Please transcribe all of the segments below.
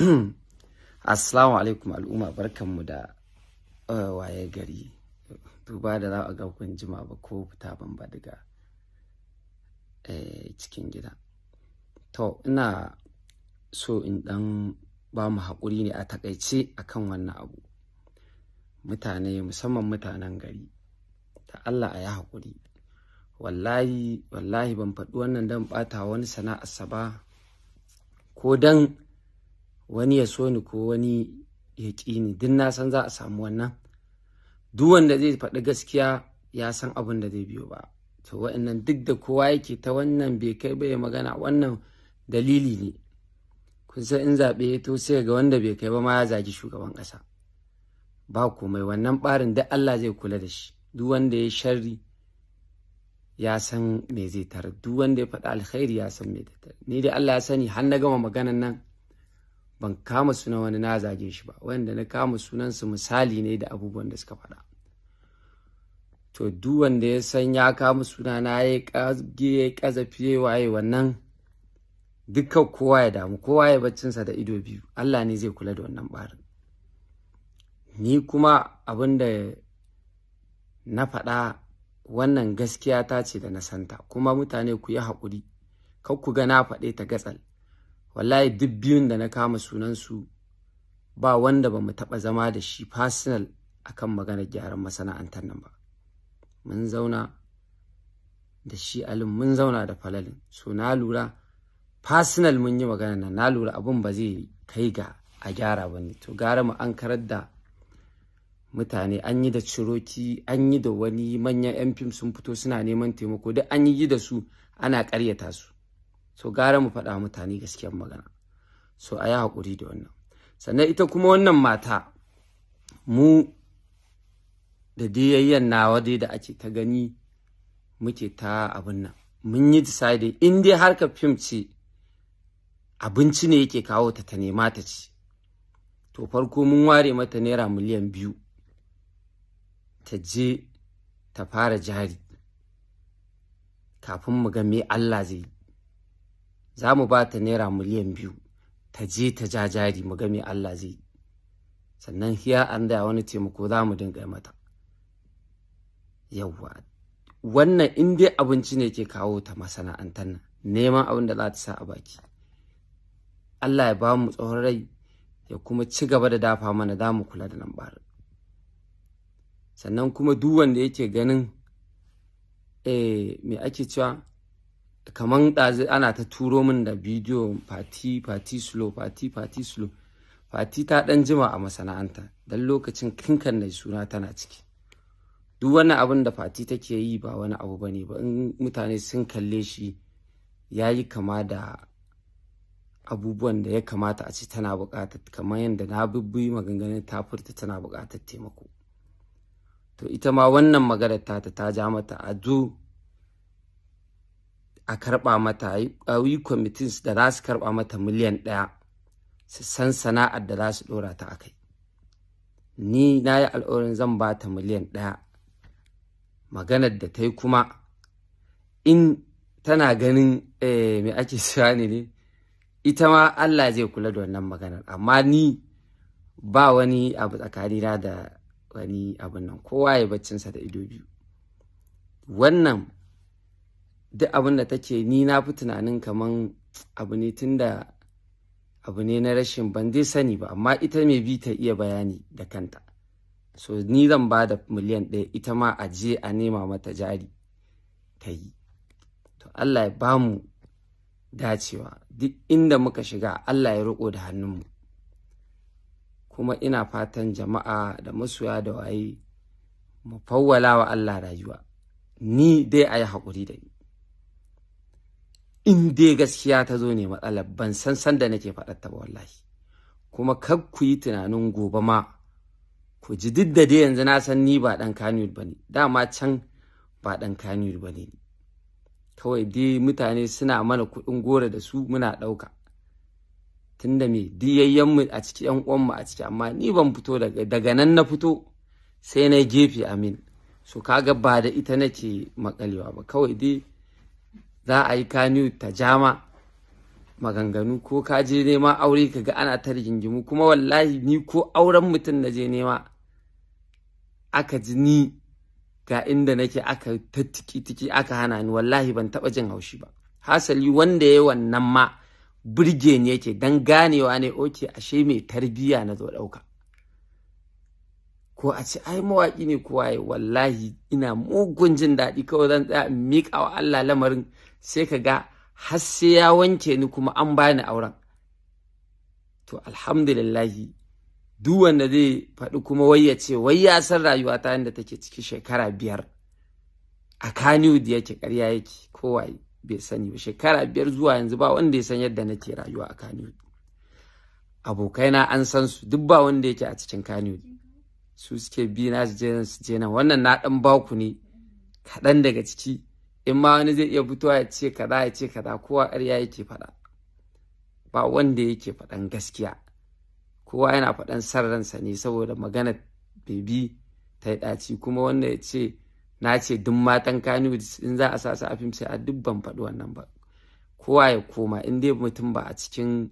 Assalamu alaikum al'umma barkanmu da uh, waye gari duba da za a ga kun jima ba ko fita ban ba daga eh, cikin gida to ina so in dan ba mu haƙuri ne a takaice akan wannan abu mutane musamman mutanen gari ta Allah a ya haƙuri wallahi wallahi ban faɗi wannan don ɓata wani sana'arsa ba ko don wani ya so ni ko wani ya ƙi ni duk na san za a samu wannan duk wanda zai faɗi gaskiya ya san abin da zai biyo ba to wa'annan duk da kowa yake ta wannan bai kai ba ya magana wannan dalili ne kun san in zaɓe ya to sai ga wanda bai kai ba ma ya zagi shugaban ƙasa ba komai wannan ɓarin duk Allah zai kula da shi duk wanda ya sharri ya san me zai tara duk wanda ya faɗi alkhairi ya san me zai tara ni dai Allah ya sani har na gama maganan nan ban kama sunan wani na zage shi ba wanda na kama sunansu misali ne da abubuwan da suka faɗa to duk wanda ya san ya kama suna na ya kage ya kazafi ya waye wannan dukkan kowa ya damu kowa ya baccinsa da ido biyu Allah ne zai kula da wannan barin ni kuma abin da na faɗa wannan gaskiya ta ce da na santa kuma mutane ku yi haƙuri kar ku ga na faɗe ta gatsal wallahi duk biyun da na kama sunansu ba wanda ba mu taɓa zama da shi personal akan maganar gyaran masana'antar nan ba mun zauna da shi alin mun zauna da falalin so na lura personal mun yi magana nan na lura abin ba zai kai ga a gyara ba ne to gara mu an karar da mutane an yi da ciroki an yi da wani manyan yan fim sun fito suna neman taimako duk an yi da su ana karyata su so gara mu faɗa mutane gaskiyar magana so a yi haƙuri da wannan sannan ita kuma wannan mata mu da diyayyan nawa dai da ake ta gani muke ta abin nan mun yi decide in dai harka fim ce abinci ne yake kawo ta ta nema ta ci to farko mun ware mata naira miliyan biyu ta je ta fara jari kafin mu ga me Allah zai yi za mu ba ta naira miliyan biyu ta je ta ja jari mu ga Allah zai sannan hiya an da wani taimako za mu dinga mata yawwa wannan in dai abinci ne ke kawo ta masana'antar nan neman abin da za ta sa a baki Allah ya ba mu tsohon rai ya kuma ci gaba da dafa mana za mu kula da nan bar sannan kuma duk wanda yake ganin eh me ake cewa kamar ɗazi ana ta turo min da bidiyo fati fati slow fati fati slow fati ta ɗan jima a masana'anta don lokacin kinkan na suna tana ciki duk wani abin da fati take yi ba wani abu ba ne ba in mutane sun kalle shi ya yi kama da abubuwan da ya kamata a ci tana buƙatar kamar yadda na bibbi maganganun ta furta tana buƙatar taimako to ita ma wannan magana ta ta ja mata a a karɓa mata a yi kwamitin da za su karɓa mata miliyan ɗaya su san sana'ar da za su ɗora ta a kai ni na yi al'orin zan ba ta miliyan ɗaya maganar da ta yi kuma in tana ganin eh, me ake cewa ne ne ita ma Allah zai kula da wannan maganar amma ni ba wani abu tsakanina da wani abun nan kowa ya baccinsa da ido biyu wannan duk abin da take ni na fi tunanin kaman abu ne tunda abu ne na rashin ban zai sani ba amma ita mai bi ta iya bayani da kanta so ni zan ba da miliyan ɗaya ita ma a je a nema mata jari ta yi to Allah ya bamu dacewa duk inda muka shiga Allah ya riko da hannunmu kuma ina fatan jama'a da masoya da waye mu fawwala wa Allah rayuwa ni dai a yi haƙuri da ni in dai gaskiya ta zo ne matsalar ban san san da nake faɗar ta ba wallahi kuma kar ku yi tunanin gobe ma ku ji duk da dai yanzu na san ni ba ɗan kanu ba ne dama can ba ɗan kanu ba ne kawai dai mutane suna mana kuɗin gora da su muna ɗauka tunda me mu a ciki yan uwanmu a ciki amma ni ban fito daga nan na fito sai na gefe amin so kaga ba da ita nake makalewa ba kawai dai za a yi kaniyu ta jama maganganu ko ka je nema aure ka ga ana ta rigingimu kuma wallahi ni ko auren mutum na je nema aka ji ni ga inda nake aka ta tiki aka hana ni wallahi ban taba jin haushi ba hasali wanda ya wannan ma birge ne yake don ganewa ne oke ashe mai tarbiyya na zo ɗauka ko a ce ai mawaki ne kowa wallahi ina mugun jin daɗi kawai zan tsaya in miƙa wa Allah lamarin sai ka ga har sai ya wanke ni kuma an bani auren to alhamdulillahi duk wanda zai faɗi kuma wai ya ce wai ya san rayuwa ta yadda take ciki shekara biyar a da yake karya yake kowa bai sani ba shekara biyar zuwa yanzu ba wanda ya san yadda nake rayuwa a kaniyu abokaina an san su duk ba wanda yake a cikin kaniyu su suke bi na su je nan wannan na ɗan baku ne kaɗan daga ciki in ma wani zai iya fitowa ya ce kaza ya ce kaza kowa ƙarya yake faɗa ba wanda yake faɗan gaskiya kowa yana faɗan san ransa ne saboda magana bebi ta yi ɗaci kuma wanda ya ce na ce duk matan kanu in za a sa su a fim sai a duk ban faɗi wannan ba kowa ya koma in dai mutum ba a cikin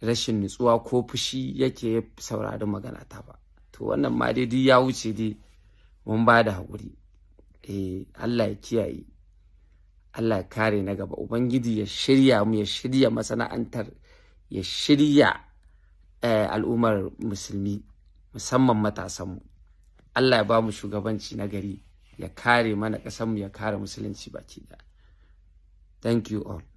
rashin nutsuwa ko fushi yake saurari magana ta ba to wannan ma dai duk ya wuce dai mun ba da haƙuri eh Allah ya kiyaye Allah ya kare na gaba ubangiji ya shirya mu ya shirya masana'antar ya shirya eh, al'ummar musulmi musamman matasanmu Allah ya ba mu shugabanci na gari ya kare mana mu ya kare musulunci baki da thank you all